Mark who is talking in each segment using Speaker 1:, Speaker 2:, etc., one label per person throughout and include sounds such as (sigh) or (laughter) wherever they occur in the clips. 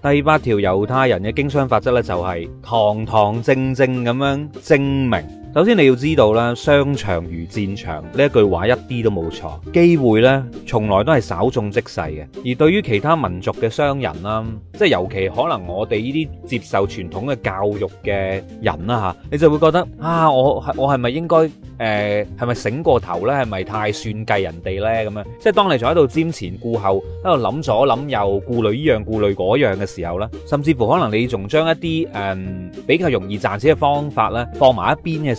Speaker 1: 第八條猶太人嘅經商法則呢，就係堂堂正正咁樣證明。首先你要知道啦，商場如戰場呢一句話，一啲都冇錯。機會咧，從來都係稍縱即逝嘅。而對於其他民族嘅商人啦，即係尤其可能我哋呢啲接受傳統嘅教育嘅人啦吓，你就會覺得啊，我我係咪應該，誒，係咪醒過頭咧？係咪太算計人哋咧？咁樣即係當你仲喺度瞻前顧後，喺度諗左諗右，顧慮呢樣顧慮嗰樣嘅時候咧，甚至乎可能你仲將一啲誒比較容易賺錢嘅方法咧放埋一邊嘅。時候呢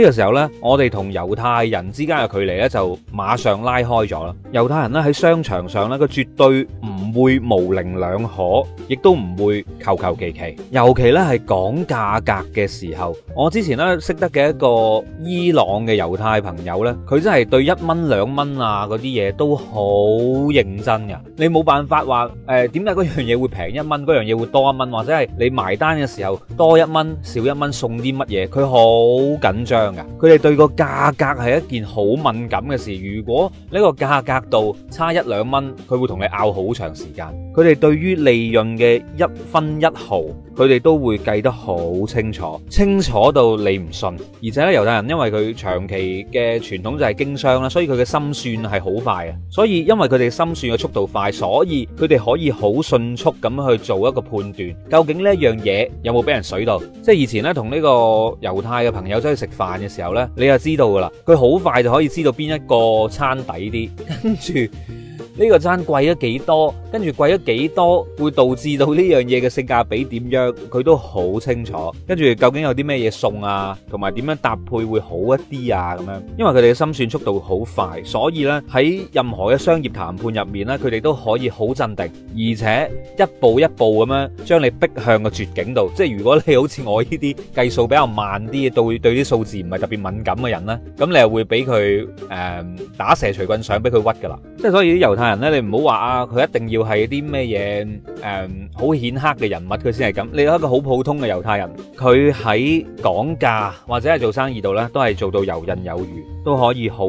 Speaker 1: 個時候咧，我哋同猶太人之間嘅距離咧就馬上拉開咗啦。猶太人咧喺商場上咧，佢絕對唔。唔會模棱兩可，亦都唔會求求其其。尤其咧係講價格嘅時候，我之前咧識得嘅一個伊朗嘅猶太朋友呢，佢真係對一蚊兩蚊啊嗰啲嘢都好認真噶。你冇辦法話誒，點解嗰樣嘢會平一蚊，嗰樣嘢會多一蚊，或者係你埋單嘅時候多一蚊少一蚊送啲乜嘢，佢好緊張噶。佢哋對個價格係一件好敏感嘅事。如果呢個價格度差一兩蚊，佢會同你拗好長時間佢哋對於利潤嘅一分一毫，佢哋都會計得好清楚，清楚到你唔信。而且咧，猶太人因為佢長期嘅傳統就係經商啦，所以佢嘅心算係好快嘅。所以因為佢哋心算嘅速度快，所以佢哋可以好迅速咁去做一個判斷，究竟呢樣嘢有冇俾人水到。即係以前咧，同呢個猶太嘅朋友出去食飯嘅時候呢，你就知道噶啦，佢好快就可以知道邊一個餐抵啲，跟住。呢個爭貴咗幾多，跟住貴咗幾多會導致到呢樣嘢嘅性價比點樣，佢都好清楚。跟住究竟有啲咩嘢送啊，同埋點樣搭配會好一啲啊咁樣。因為佢哋嘅心算速度好快，所以咧，喺任何嘅商業談判入面咧，佢哋都可以好鎮定，而且一步一步咁樣將你逼向個絕境度。即係如果你好似我呢啲計數比較慢啲，對對啲數字唔係特別敏感嘅人咧，咁你又會俾佢誒打蛇隨棍上，俾佢屈噶啦。即係所以啲猶太人咧，你唔好話啊，佢一定要係啲咩嘢？誒、嗯，好顯赫嘅人物佢先係咁。你有一個好普通嘅猶太人，佢喺講價或者係做生意度呢，都係做到游刃有餘，都可以好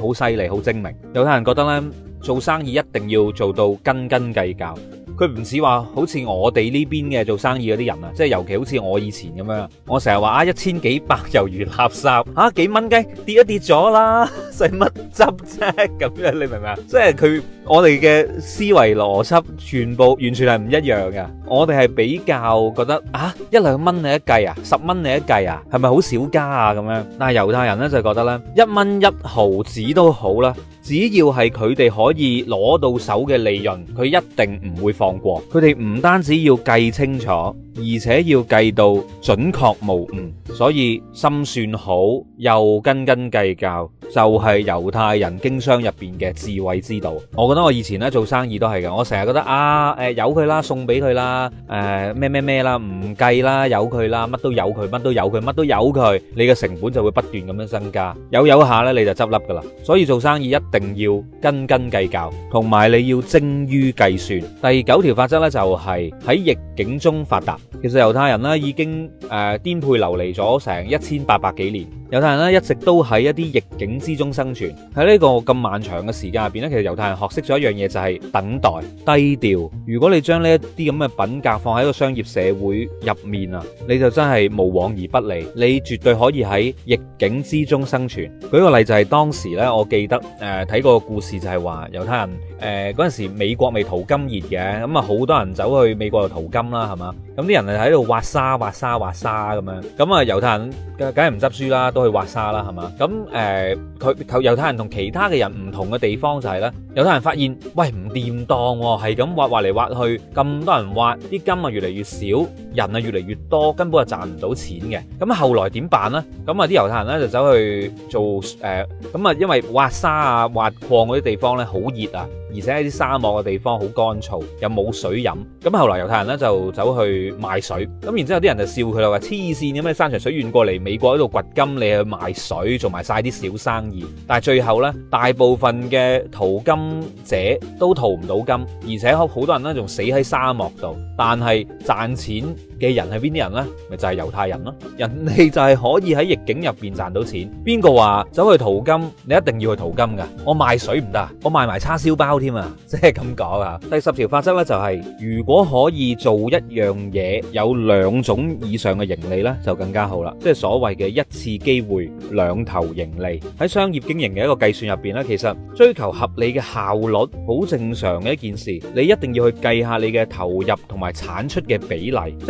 Speaker 1: 好犀利、好精明。猶太人覺得呢，做生意一定要做到斤斤計較。佢唔似話好似我哋呢邊嘅做生意嗰啲人啊，即係尤其好似我以前咁樣，我成日話啊，一千幾百猶如垃圾，嚇、啊、幾蚊雞跌一跌咗啦，使乜執啫咁樣？你明唔明啊？即係佢我哋嘅思維邏輯全部完全係唔一樣嘅。我哋係比較覺得嚇、啊、一兩蚊你一計啊，十蚊你一計啊，係咪好少加啊咁樣？但係猶太人呢就覺得呢，一蚊一毫子都好啦。只要係佢哋可以攞到手嘅利潤，佢一定唔會放過。佢哋唔單止要計清楚，而且要計到準確無誤。所以心算好又斤斤計較，就係猶太人經商入邊嘅智慧之道。我覺得我以前咧做生意都係嘅，我成日覺得啊誒，由佢啦，送俾佢啦，誒咩咩咩啦，唔計啦，由佢啦，乜都由佢，乜都由佢，乜都由佢，你嘅成本就會不斷咁樣增加。有有下咧你就執笠噶啦，所以做生意一定。仲要斤斤計較，同埋你要精於計算。第九條法則呢，就係喺逆境中發達。其實猶太人呢，已經誒顛沛流離咗成一千八百幾年。猶太人咧，一直都喺一啲逆境之中生存，喺呢個咁漫長嘅時間入邊咧，其實猶太人學識咗一樣嘢就係等待、低調。如果你將呢一啲咁嘅品格放喺一個商業社會入面啊，你就真係無往而不利，你絕對可以喺逆境之中生存。舉個例就係當時咧，我記得誒睇過個故事就係話猶太人誒嗰陣時美國未淘金熱嘅，咁啊好多人走去美國度淘金啦，係嘛？咁啲人係喺度挖沙挖沙挖沙咁樣，咁啊猶太人梗係唔執輸啦，都去挖沙啦，係嘛？咁誒，佢、呃、猶太人同其他嘅人唔同嘅地方就係、是、咧，猶太人發現喂唔掂檔喎，係咁、啊、挖挖嚟挖去，咁多人挖啲金啊越嚟越少。人啊越嚟越多，根本啊賺唔到錢嘅。咁後來點辦呢？咁啊啲猶太人呢，就走去做誒，咁、呃、啊因為挖沙啊、挖礦嗰啲地方呢，好熱啊，而且喺啲沙漠嘅地方好乾燥，又冇水飲。咁後來猶太人呢，就走去賣水。咁然之後啲人就笑佢啦，話黐線，咁樣，山長水遠過嚟美國喺度掘金，你去賣水做埋晒啲小生意。但係最後呢，大部分嘅淘金者都淘唔到金，而且好多人呢，仲死喺沙漠度。但係賺錢。嘅人係邊啲人呢？咪就係猶太人咯，人哋就係可以喺逆境入邊賺到錢。邊個話走去淘金，你一定要去淘金噶？我賣水唔得，我賣埋叉燒包添啊！即係咁講啊。第十條法則呢就係，如果可以做一樣嘢，有兩種以上嘅盈利呢，就更加好啦。即係所謂嘅一次機會兩頭盈利。喺商業經營嘅一個計算入邊呢，其實追求合理嘅效率好正常嘅一件事，你一定要去計下你嘅投入同埋產出嘅比例。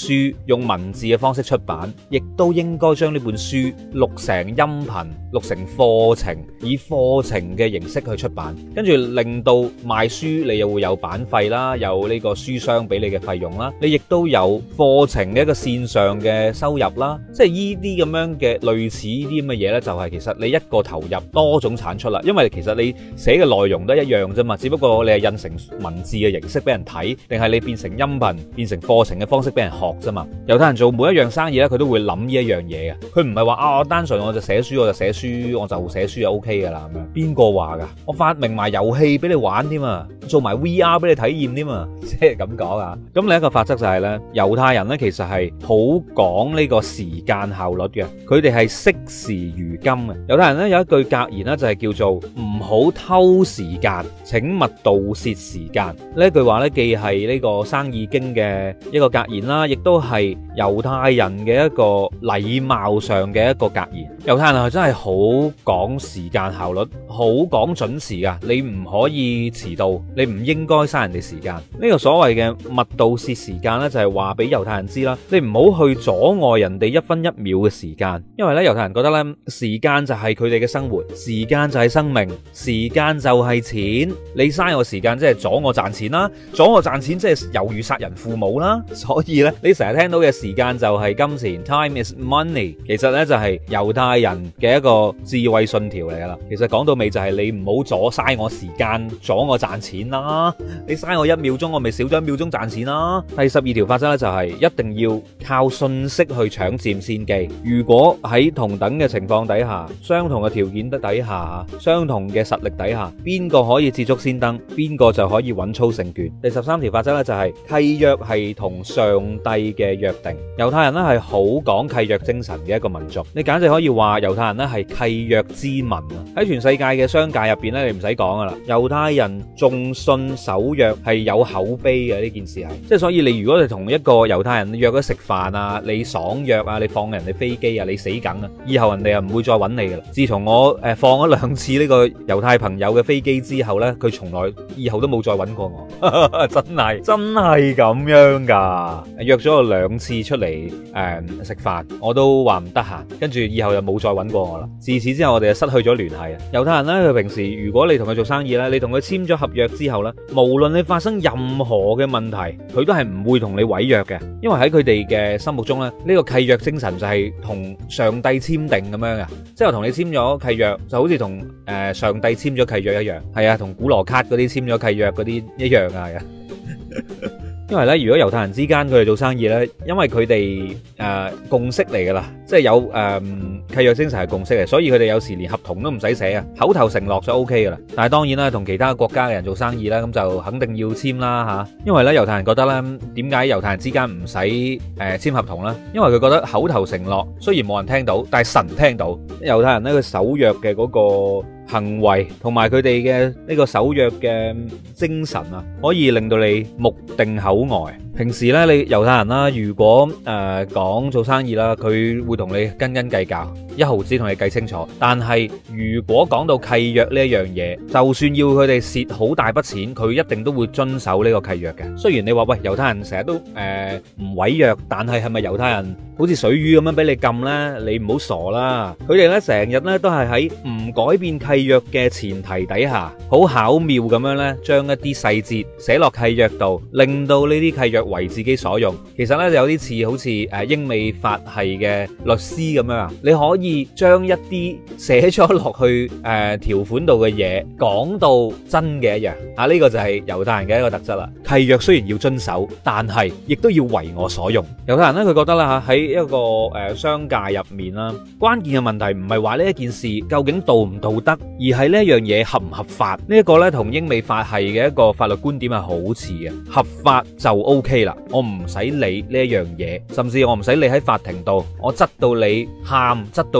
Speaker 1: 書用文字嘅方式出版，亦都應該將呢本書錄成音頻，錄成課程，以課程嘅形式去出版，跟住令到賣書，你又會有版費啦，有呢個書商俾你嘅費用啦，你亦都有課程嘅一個線上嘅收入啦，即係呢啲咁樣嘅類似呢啲咁嘅嘢呢，就係其實你一個投入多種產出啦，因為其實你寫嘅內容都一樣啫嘛，只不過你係印成文字嘅形式俾人睇，定係你變成音頻、變成課程嘅方式俾人學。啫嘛，猶太人做每一樣生意咧，佢都會諗呢一樣嘢嘅。佢唔係話啊我單純我就寫書我就寫書我就寫書，就 O K 噶啦？咁樣邊個話噶？我發明埋遊戲俾你玩添啊，做埋 V R 俾你體驗添啊，即係咁講啊。咁另一個法則就係、是、咧，猶太人咧其實係好講呢個時間效率嘅，佢哋係惜時如金嘅。猶太人咧有一句格言咧，就係叫做唔好偷時間，請勿盜竊時間。呢一句話咧，既係呢個生意經嘅一個格言啦，都係猶太人嘅一個禮貌上嘅一個格言。猶太人、啊、真係好講時間效率，好講準時噶。你唔可以遲到，你唔應該嘥人哋時間。呢、這個所謂嘅勿盜竊時間呢，就係話俾猶太人知啦。你唔好去阻礙人哋一分一秒嘅時間，因為咧猶太人覺得呢時間就係佢哋嘅生活，時間就係生命，時間就係錢。你嘥我時間，即係阻我賺錢啦，阻我賺錢即係猶如殺人父母啦。所以呢。你成日聽到嘅時間就係金錢，Time is money。其實呢，就係、是、猶太人嘅一個智慧信條嚟噶啦。其實講到尾就係你唔好阻嘥我時間，阻我賺錢啦。你嘥我一秒鐘，我咪少咗一秒鐘賺錢啦。第十二條法則呢，就係、是、一定要靠信息去搶佔先機。如果喺同等嘅情況底下、相同嘅條件底下、相同嘅實力底下，邊個可以捷足先登，邊個就可以穩操勝券。第十三條法則呢，就係、是、契約係同上帝。嘅約定，猶太人咧係好講契約精神嘅一個民族，你簡直可以話猶太人咧係契約之民。喺全世界嘅商界入邊咧，你唔使講噶啦，猶太人重信守約係有口碑嘅，呢件事係，即係所以你如果係同一個猶太人約咗食飯啊，你爽約啊，你放人哋飛機啊，你死梗啊，以後人哋又唔會再揾你噶啦。自從我誒、呃、放咗兩次呢個猶太朋友嘅飛機之後呢，佢從來以後都冇再揾過我， (laughs) 真係真係咁樣噶，約咗我兩次出嚟誒食飯，我都話唔得閒，跟住以後又冇再揾過我啦。自此之後，我哋就失去咗聯繫。猶太人咧，佢平時如果你同佢做生意咧，你同佢簽咗合約之後咧，無論你發生任何嘅問題，佢都係唔會同你毀約嘅，因為喺佢哋嘅心目中咧，呢個契約精神就係同上帝簽訂咁樣嘅，即係我同你簽咗契約，就好似同誒上帝簽咗契約一樣，係啊，同古羅卡嗰啲簽咗契約嗰啲一樣啊。 (laughs) 因為咧，如果猶太人之間佢哋做生意咧，因為佢哋誒共識嚟噶啦，即係有誒契約精神係共識嘅，所以佢哋有時連合同都唔使寫啊，口頭承諾就 OK 噶啦。但係當然啦，同其他國家嘅人做生意咧，咁就肯定要簽啦嚇。因為咧，猶太人覺得咧，點解猶太人之間唔使誒簽合同咧？因為佢覺得口頭承諾雖然冇人聽到，但係神聽到。猶太人咧，佢守約嘅嗰個行為同埋佢哋嘅呢個守約嘅精神啊，可以令到你目定口呆。平時呢，你猶太人啦，如果誒講、呃、做生意啦，佢會同你斤斤計較。一毫子同你計清楚，但係如果講到契約呢樣嘢，就算要佢哋蝕好大筆錢，佢一定都會遵守呢個契約嘅。雖然你話喂猶太人成日都誒唔違約，但係係咪猶太人好似水魚咁樣俾你撳呢？你唔好傻啦，佢哋呢成日呢都係喺唔改變契約嘅前提底下，好巧妙咁樣呢將一啲細節寫落契約度，令到呢啲契約為自己所用。其實呢就有啲似好似誒英美法系嘅律師咁樣啊，你可以。將一啲寫咗落去誒條款度嘅嘢，講到真嘅一樣，啊呢個就係猶太人嘅一個特質啦。契約雖然要遵守，但係亦都要為我所用。猶太人咧佢覺得啦吓，喺一個誒商界入面啦，關鍵嘅問題唔係話呢一件事究竟道唔道德，而係呢一樣嘢合唔合法。呢一個咧同英美法系嘅一個法律觀點係好似嘅，合法就 OK 啦，我唔使理呢一樣嘢，甚至我唔使理喺法庭度，我執到你喊，執到。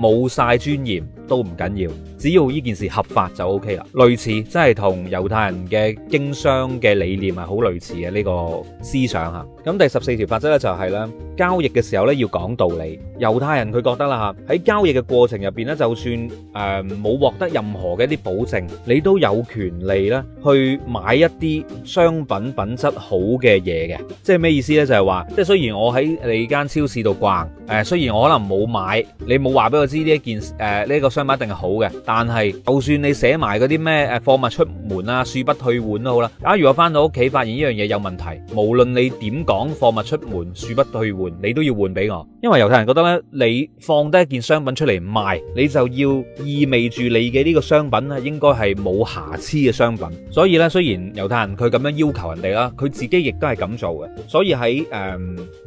Speaker 1: 冇晒，尊嚴都唔緊要，只要呢件事合法就 OK 啦。類似真係同猶太人嘅經商嘅理念係好類似嘅，呢個思想吓，咁第十四條法則咧就係咧交易嘅時候咧，要講道理。猶太人佢覺得啦吓，喺交易嘅過程入邊咧，就算誒冇、呃、獲得任何嘅一啲保證，你都有權利咧去買一啲商品品質好嘅嘢嘅。即係咩意思咧？就係話即係雖然我喺你間超市度逛，誒、呃，雖然我可能冇買，你冇話俾我。知呢一件誒呢、呃呢個商品一定係好嘅，但係就算你寫埋嗰啲咩誒貨物出門啊，恕不退換都好啦。假如我翻到屋企發現呢樣嘢有問題，無論你點講貨物出門恕不退換你都要換俾我。因為猶太人覺得咧，你放低一件商品出嚟賣，你就要意味住你嘅呢個商品咧應該係冇瑕疵嘅商品。所以咧，雖然猶太人佢咁樣要求人哋啦，佢自己亦都係咁做嘅。所以喺誒、呃、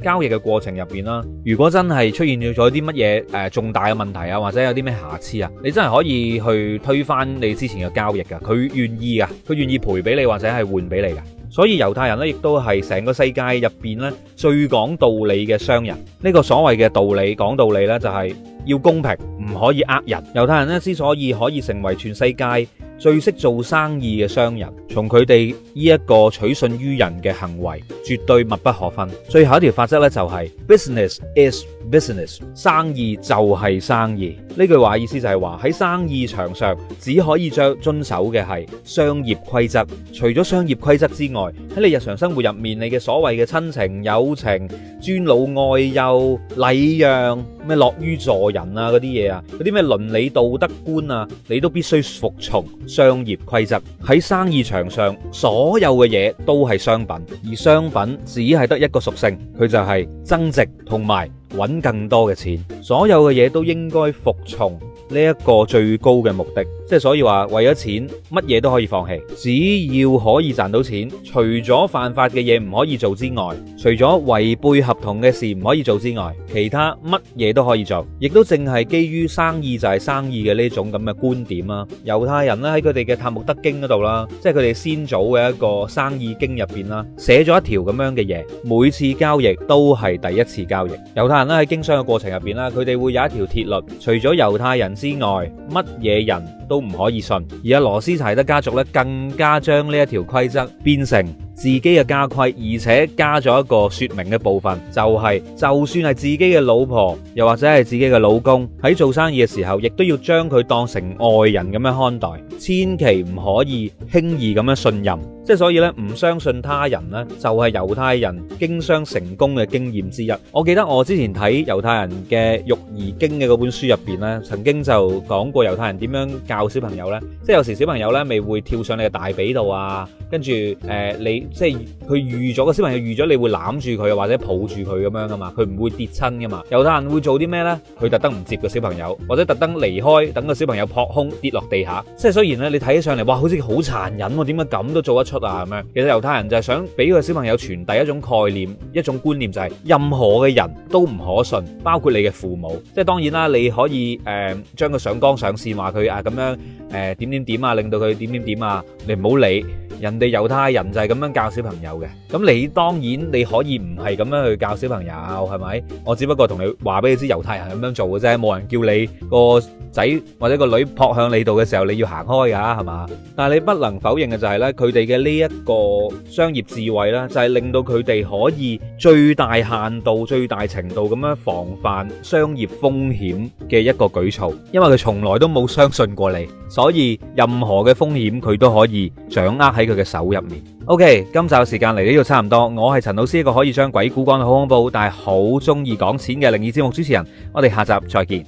Speaker 1: 交易嘅過程入邊啦，如果真係出現咗啲乜嘢誒重大嘅問題問題啊，或者有啲咩瑕疵啊，你真係可以去推翻你之前嘅交易噶，佢願意噶，佢願意賠俾你或者係換俾你噶，所以猶太人呢，亦都係成個世界入邊呢最講道理嘅商人，呢個所謂嘅道理講道理呢，就係要公平，唔可以呃人。猶太人呢，之所以可以成為全世界。最識做生意嘅商人，從佢哋呢一個取信於人嘅行為，絕對密不可分。最後一條法則呢，就係，就係 business is business，生意就係生意。呢句話意思就係話喺生意場上，只可以遵遵守嘅係商業規則。除咗商業規則之外，喺你日常生活入面，你嘅所謂嘅親情、友情、尊老愛幼、禮讓。咩樂於助人啊，嗰啲嘢啊，嗰啲咩倫理道德觀啊，你都必須服從商業規則。喺生意場上，所有嘅嘢都係商品，而商品只係得一個屬性，佢就係增值，同埋揾更多嘅錢。所有嘅嘢都應該服從呢一個最高嘅目的。即係所以話，為咗錢，乜嘢都可以放棄，只要可以賺到錢，除咗犯法嘅嘢唔可以做之外，除咗違背合同嘅事唔可以做之外，其他乜嘢都可以做，亦都淨係基於生意就係生意嘅呢種咁嘅觀點啦。猶太人咧，喺佢哋嘅《探木德經》嗰度啦，即係佢哋先祖嘅一個生意經入邊啦，寫咗一條咁樣嘅嘢：每次交易都係第一次交易。猶太人咧，喺經商嘅過程入邊啦，佢哋會有一條鐵律：除咗猶太人之外，乜嘢人都唔可以信，而阿羅斯柴德家族咧，更加將呢一條規則變成，自己嘅家規，而且加咗一個説明嘅部分，就係、是、就算係自己嘅老婆，又或者係自己嘅老公喺做生意嘅時候，亦都要將佢當成外人咁樣看待，千祈唔可以輕易咁樣信任。即係所以咧，唔相信他人呢，就係、是、猶太人經商成功嘅經驗之一。我記得我之前睇猶太人嘅《育兒經》嘅嗰本書入邊呢，曾經就講過猶太人點樣教小朋友呢。即係有時小朋友呢，未會跳上你嘅大髀度啊，跟住誒、呃、你。即係佢預咗、個小朋友預咗，你會攬住佢或者抱住佢咁樣噶嘛，佢唔會跌親噶嘛。猶太人會做啲咩呢？佢特登唔接個小朋友，或者特登離開，等個小朋友撲空跌落地下。即係雖然咧，你睇起上嚟哇，好似好殘忍喎、啊，點解咁都做得出啊咁樣？其實猶太人就係想俾個小朋友傳遞一種概念、一種觀念，就係，就係任何嘅人都唔可信，包括你嘅父母。即係當然啦，你可以誒、呃、將佢上綱上線，話佢啊咁樣誒、呃、點點點啊，令到佢點點點啊，你唔好理人哋猶太人就係咁樣教。教小朋友嘅，咁你當然你可以唔係咁樣去教小朋友，係咪？我只不過同你話俾你知猶太人係咁樣做嘅啫，冇人叫你個仔或者個女撲向你度嘅時候，你要行開噶，係嘛？但係你不能否認嘅就係呢，佢哋嘅呢一個商業智慧呢，就係令到佢哋可以最大限度、最大程度咁樣防範商業風險嘅一個舉措。因為佢從來都冇相信過你，所以任何嘅風險佢都可以掌握喺佢嘅手入面。OK，今集嘅時間嚟到呢度差唔多，我係陳老師，一個可以將鬼故講得好恐怖，但係好中意講錢嘅靈異節目主持人。我哋下集再見。